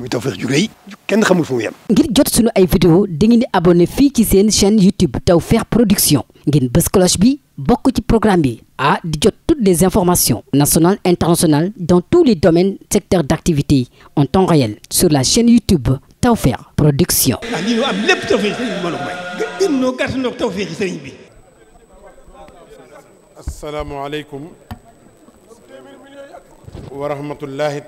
muy Tawfekh ju rëy kenn xamul fu mu ngir jot sunu ay vidéo dangeen di abonné fii ci seen chaîne YouTube Tawfekh Production ngeen bës bi bokk ci programme bi ah di jot toutes des informations national internationales dans tous les domaines secteurs d'activité en temps réel sur la chaîne YouTube Tawfekh Production. Ah, a may. gën noo gàtt noo wa rahmatulahi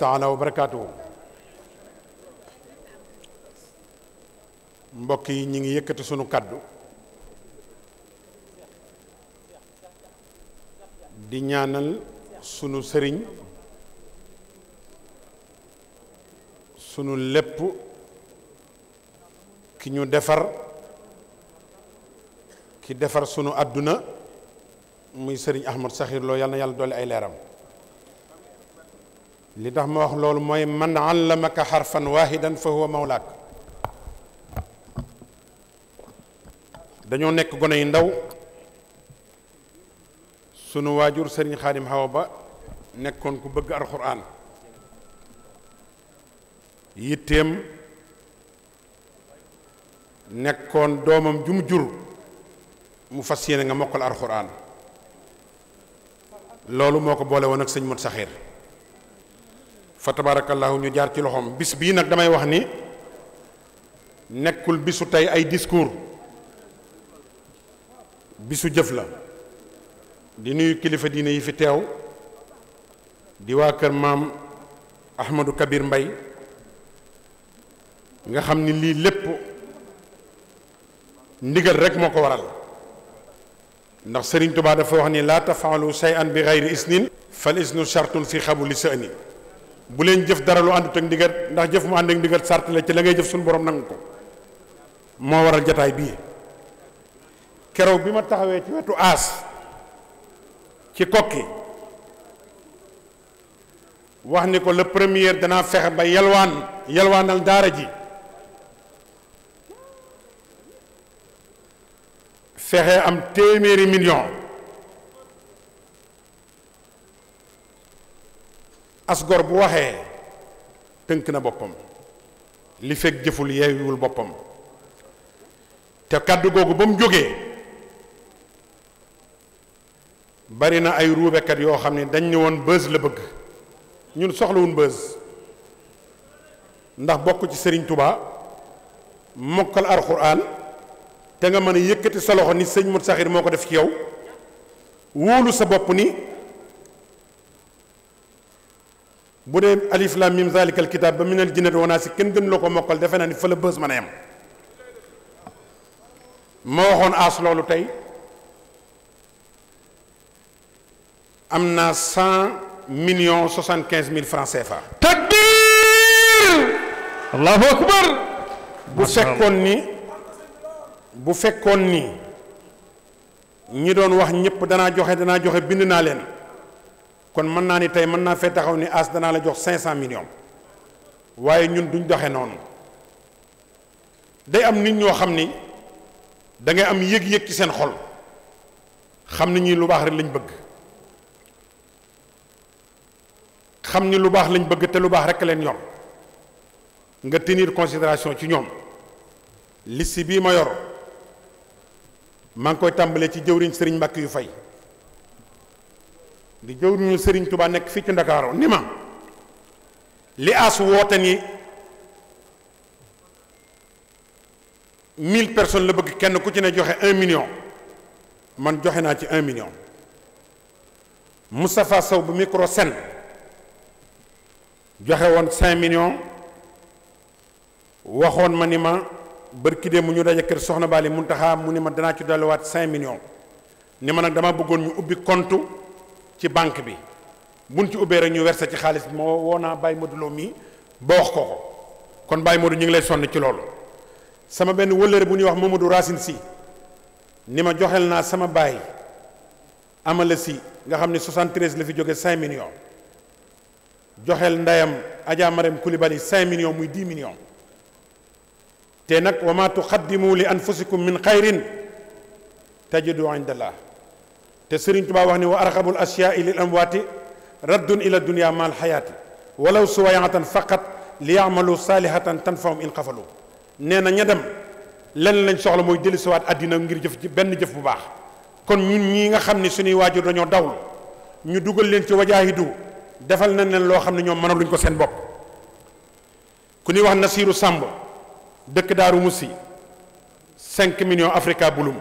mbokk yi ñu ngi yëkkati sunu kàddu di ñaanal sunu sëriñ sunu lépp ki ñu defar ki defar sunu àdduna muy sëriñ Ahmad Saxiir Lo yàlla na yàlla dolli ay leeram li tax ma wax loolu mooy man allamaka xarfan waahidan fa huwa mawlaak dañoo nekk gone yu ndaw sunu waajur sëriñ xaadim xawa ba nekkoon ku bëgg alxuraan yitteem nekkoon doomam jum jur mu fas yéene nga mokkal alxuraan loolu moo ko boole woon ak sëñ mot saxiir fa tabaarakallaahu ñu jaar ci loxoom bis bii nag damay wax ni nekkul bisu tey ay discours bisu jëf la di nuyu kilifa diine yi fi teew di waa kër maam Ahmadou Kabir Mbay nga xam ni lii lépp ndigal rek moo ko waral ndax Sëriñ Tubaa dafa wax ni laa tafaalu shay'an bi xayri isnin fal isnu shartun fi xabuli sa'ni bu leen jëf dara lu àndut ak ndigal ndax jëf mu ànd ak ndigal sart la ci la ngay jëf suñu borom nangu ko moo waral jataay bii keroog bi ma taxawee ci wetu aas ci kokki wax ni ko le premier danaa fexe ba yalwaan yalwaanal daara ji fexe am téeméeri million asgor bu waxee tënk na boppam li fekk jëful yeewul boppam te kàdd googu ba mu jógee bari na ay ruubekat yoo xam ne dañ ne woon bës la bëgg ñun soxlawun bës ndax bokk ci sëriñ tubaa mokkal alxuraan te nga mën a yëkkati sa loxo ni sëñ mut saxir moo ko def ci yow wóolu sa bopp ni bu dee alif lam mim zalikal kitaab ba minal jinnati wanaa si kenn gën ko mokkal defe na ni fa la bës mën a yem ma waxoon aas loolu tey am na cent million soixante quinze mille francs fa takbir. allahu akbar. bu fekkoon ni bu fekkoon ni ñi doon wax ñëpp danaa joxe danaa joxe bind naa leen kon mën naa ni tey mën naa fee taxaw ni as danaa la jox cinq cent millions waaye ñun duñ doxe noonu day am nit ñoo xam ni dangay am yëg-yëg ci seen xol xam ni ñii lu baax rek lañ bëgg. xam ni lu baax lañ bëgg te lu baax rekk leen yor nga tenir considération ci ñoom liste bii ma yor maa ngi koy tàmbalee ci jëwriñ sëriñ mbàkk yu fay di jëwriñu sëriñ Tuubaa nekk fii ci ndakaaru ni ma li as woote ni mille personnes la bëgg kenn ku ci ne joxe un million man joxe naa ci un million Moustapha Sow bu micro sen joxe woon cinq millions waxoon ma ni ma bërki dee mu ñu daje kër soxna Bali taxaa mu ni ma danaa ci dolliwaat cinq millions ni ma nag dama bëggoon ñu ubbi kont ci banque bi buñ ci ubbee rek ñu verser ci xaalis moo woo naa Baye Modou Lo mii ba wax ko ko kon Baye Modou ñu ngi lay sonn ci loolu sama benn wëllëre bu ñuy wax Mamadou Racine si ni ma joxel naa sama baay amala si nga xam ne 73 la fi jóge 5 millions joxel ndeyam Adja Marème Coulibaly cinq millions muy di millions te nag wa ma tuqaddimu li anfusikum min xayrin tajidu indallah te Sëriñ Tuubaa wax ni wa arxabul asyaai lil amwaati raddun ila dunia maal xayaati walaw suwayaatan faqat li yaamalu saalihatan tanfahum in xafalu nee na ña dem lenn lañ soxla mooy dellusiwaat àddina ngir jëf benn jëf bu baax kon ñun ñii nga xam ne suñuy waajur dañoo dawlu ñu dugal leen ci wajaahidu defal nañ leen loo xam ne ñoom mënaluñ ko seen bopp ku ñuy wax Nasiru Sàmb dëkk Daaru mussi cinq millions Africa Bulum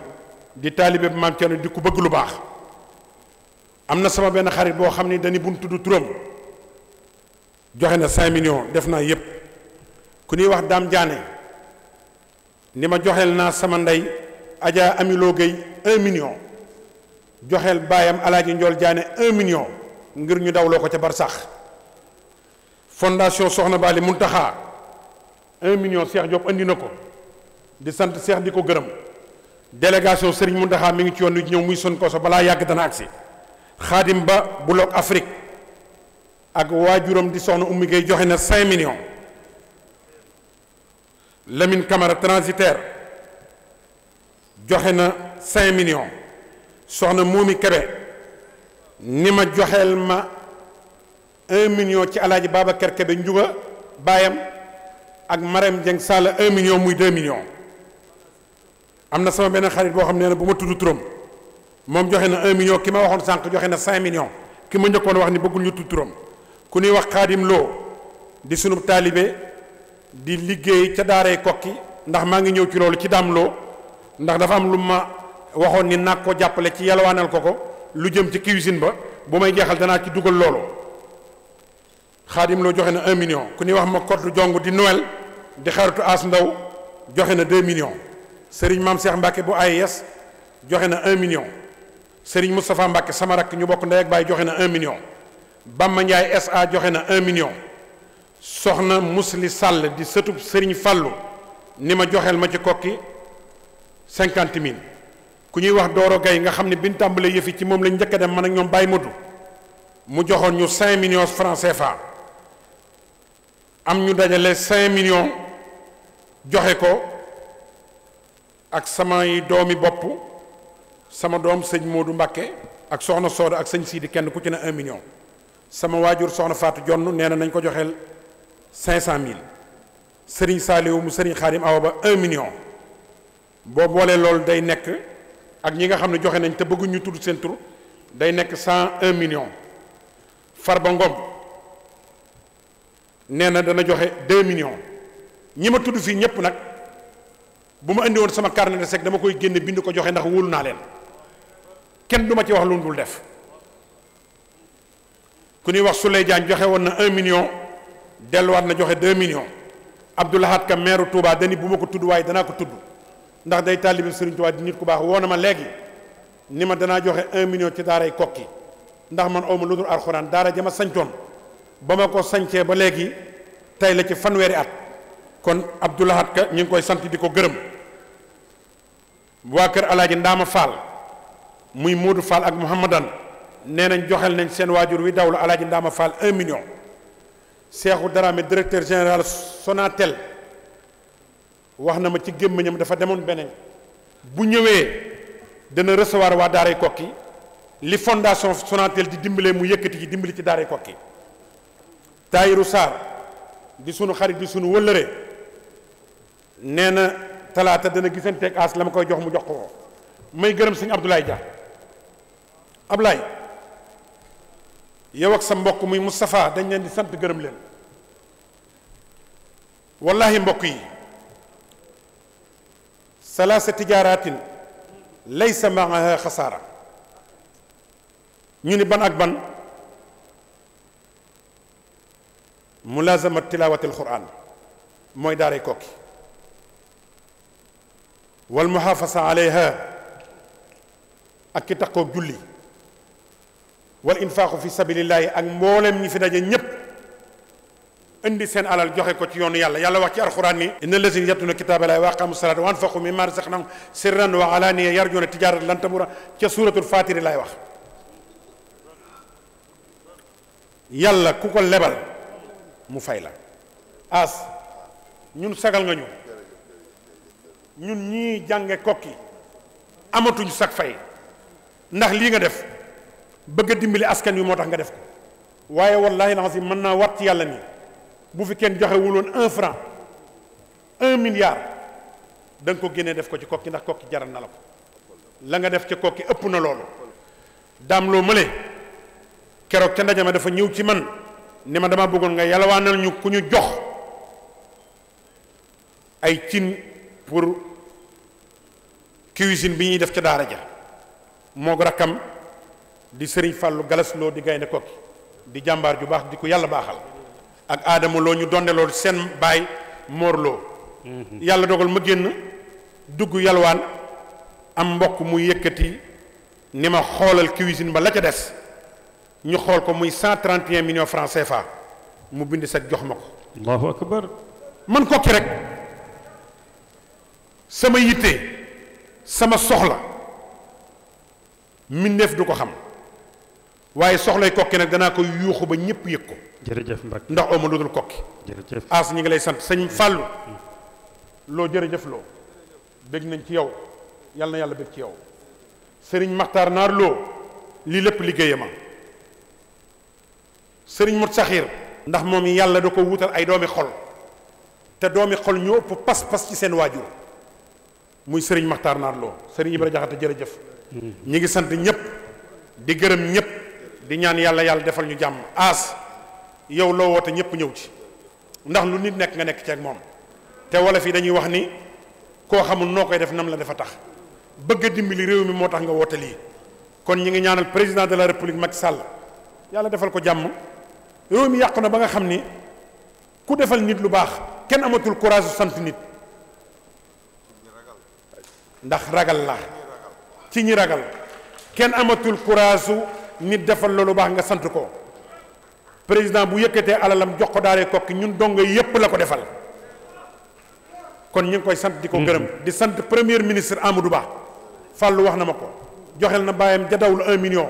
di taalibe bi maam Thierno di ku bëgg lu baax am na sama benn xarit boo xam ne dañu buñ tudd turam joxe na cinq millions def naa yépp ku ñuy wax Dame Diané ni ma joxeel naa sama ndey Adja Amiloo Gueye un million joxeel baayam Alaaji Njool Diané un million ngir ñu dawloo ko ca barsax fondation Soxna Baali Muntaxa un million seex Diop indi na ko di sant Cheikh di ko gërëm délégation Serigne Muntaxa mi ngi ci yoon wi ñëw muy son koso balaa yàgg dana agsi xaadim ba Bloc Afrique ak waajuram di soxna Oumy Gueye joxe na million millions Lamine Camara transitaire joxe na cinq millions soxna Moomi Kebe ni ma joxeel ma un million ci alaaji Babacar Kebe Njuga baayam ak Marème Dieng Sall un million muy deux million am na sama benn xarit boo xam ne ne bu ma tudd turam moom joxe na un million ki ma waxoon sànq joxe na cinq million ki ma njëkkoon wax ni bëggul ñu tudd turam ku ñuy wax xaadim loo di sunu taalibe di liggéey ca daaray kokki ndax maa ngi ñëw ci loolu ci daam loo ndax dafa am lu ma waxoon ni nag ko jàppale ci yalwaanal ko ko lu jëm ci cuisine ba bu may jeexal danaa ci dugal loolu xaadim loo joxe na un million ku ñuy wax ma kottu jong di Noël di xaritu as ndaw joxe na deux million sëriñ maam Cheikh Mbacke bu AES joxe na un million sëriñ Moustapha Mbacke sama rakk ñu bokk ndey ak baay joxe na un million Bamba Ndiaye SA joxe na un million soxna Musli Sall di sëtub sëriñ Fàllu ni ma joxeel ma ci kokki cinquante mille ku ñuy wax Doro Gaye nga xam ne bi ñu tàmbalee yëfi ci moom lañ njëkk a dem man ak ñoom Baye Modou mu joxoon ñu 5 millions francs CFA am ñu dajale 5 millions joxe ko ak samay doomi bopp sama doom sëñ Modou Mbakke ak soxna Sooda ak sëñ Sidi kenn ku ci ne 1 sama waajur soxna Fatou Jonn nee na nañ ko joxeel 500000 sëriñ Saaliwu mu sëriñ Xaadim Awa ba 1 million boo boolee loolu day nekk. ak ñi nga xam ne joxe nañ te bëgguñ ñu tudd seen tur day nekk cent un million Farba Ngom nee na dana joxe deux millions ñi ma tudd fii ñëpp nag bu ma indi woon sama carnet de chèque dama koy génne bind ko joxe ndax wóolu naa leen kenn duma ci wax lu dul def ku nuy wax Souley jaan joxe woon na un million delluwaat na joxe million millions Abdoulahat Ka maire Touba dani bu ma ko tudd waaye danaa ko tudd ndax day taalibe Sëriñ Tuubaa di nit ku baax woo na ma léegi ni ma danaa joxe un million ci daaray kokki ndax man awma lu dul alxuraan daara jama ma sañcoon ba ma ko sañcee ba léegi tey la ci fanweeri at kon Abdoulahat Ka ñu ngi koy sant di ko gërëm waa kër alaaji Ndaama Fall muy Moodu Fall ak Mouhamadan nee nañ joxel nañ seen waajur wi daw la alaaji Ndaama Fall un million Seexu mi directeur général Sonatel wax na ma ci gémmiñam dafa demoon beneen bu ñëwee dana recevoir waa daaray kokki li fondation Sonatel di dimbalee mu yëkkati ji dimbali ci daaray kokki Tayiru Sarr di sunu xarit di suñu wëllëre nee na talaata dana gisanteeg as la ma koy jox mu jox ko may gërëm sëñ Abdoulaye Dia Ablaye yow ak sa mbokk muy mustafaa dañ leen di sant gërëm leen wallahi mbokk yi salaasa tijaaraatin laysa maaha xasaara ñu ni ban ak ban mulaazamat tilaawatil quraan mooy daaray kokki wal muhaafasa alayha ak ki taxoog julli wal infaaxu fi sabilillaahi ak mboolem ñi fi daje ñépp indi seen alal joxe ko ci yoonu yàlla yàlla wax ci alxuraan ni inna lazina yatuna kitaaba laahi wa aqaamu salaata wa anfaqu mimma razaqnahum wax wa alaaniya yarjuuna tijaaratan lan tabuura ca suuratul faatiri laay wax yàlla ku ko lebal mu fay la as ñun sagal nga ñu ñun ñii jànge kokki amatuñ sag fay ndax lii nga def bëgg a dimbali askan wi moo tax nga def ko waaye wallaahi laxam si mën naa wat yàlla nii bu fi kenn joxewuloon un franc un milliard da ko génnee def ko ci kokki ndax kokki jaral na la ko la nga def ca kokki ëpp na loolu daam loo mële keroog ca ndaje ma dafa ñëw ci man ne ma dama bëggoon nga yalwaanal ñu ku ñu jox ay cin pour cuisine bi ñuy def ca daara ja moo moog rakkam di sëriñ fàllu galas loo di gaynde kokki di jàmbaar ju baax di ko yàlla baaxal ak aadama loo ñu dondeloo seen baay moorloo yàlla dogal ma génn dugg yalwaan am mbokk mu yëkkati ni ma xoolal cuisine ba la ca des ñu xool ko muy cent trente et un millions mu bind sa jox ma ko allahu akbar man kokki rek sama yitte sama soxla mbindeef du ko xam waaye soxlay kokki nag danaa ko yuuxu ba ñépp yëg ko jërëjëf Mbacke ndax oo ma lu dul kokki jërëjëf as ñi ngi lay sant sëñ Fallou loo jërëjëf loo bég nañ ci yow yàlla na yàlla bég ci yow sëriñ Makhtar Naar loo lii lépp liggéeyama sëriñ Mut xiir ndax moom yàlla da ko wutal ay doomi xol te doomi xol ñoo ëpp pas-pas ci seen waajur muy sëriñ maxtar Naar loo sëriñ Ibra Jaxate jërëjëf mm. ñi ngi sant ñëpp di gërëm ñëpp di ñaan yàlla yàlla defal ñu jàmm aas yow loo woote ñëpp ñëw ci ndax lu nit nekk nga nekk ceeg moom te wolof yi dañuy wax ni koo xamul noo koy def nam la dafa tax bëgg a dimbali réew mi moo tax nga woote lii kon ñi ngi ñaanal président de la république Macky sàll yàlla defal ko jàmm réew mi yàqu na ba nga xam ni ku defal nit lu baax kenn amatul courage sant nit ndax ragal la ci ñi ragal kenn amatul courage nit defal la lu baax nga sant ko. président bu yëkkatee alalam jox ko daalee kokki ñun dongo yépp la ko defal kon ñu ngi koy sant di ko mm-hmm. gërëm di sant première ministre Amadou Ba fàllu wax na ma ko joxel na bàyyam ja dawlu un million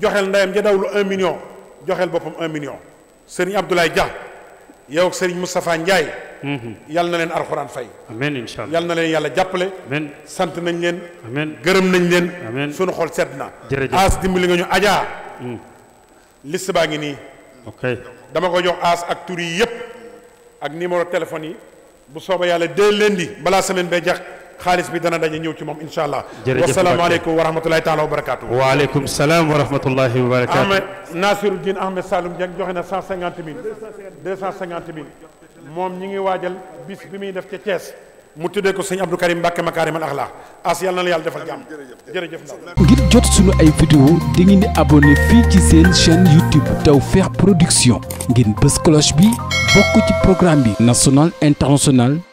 joxel ndeyam ja dawlu un million joxel boppam un million sëriñ Abdoulaye Dia yow ak sëriñ Moustapha Ndiaye mm-hmm. yal na leen alxuraan fay amiin incha yal na leen yàlla jàppale sant nañ leen amiin gërëm nañ leen amiin sunu xol sedd na as dimbali nga ñu ajaa mm. liste baa ngi nii ok dama ko jox aas ak tur yi yëpp ak numéro téléphone yi bu sooba yàlla dès lundi balaa semaine bay jax xaalis bi dana daje ñëw ci moom incha allah. jërëjëf wasalaamaaleykum wa rahmatulahi taala wa barakaatu. waaleykum salaam wa rahmatulahi wa barakaatu. Ahmed Nasiruddin Ahmed Saloum Dieng joxe na 150 000 250 000 moom ñu ngi waajal bis bi muy def ca Thiès. mu tuddee ko sëñ Abdou Karim Mbacke Makarimal Akhlaq as yàlla na la yàlla defal jàmm jërëjëf ndaw ngir jot suñu ay vidéo di ngeen di abonné fii ci seen chaîne YouTube feex Production ngeen bës cloche bi bokk ci programme bi national international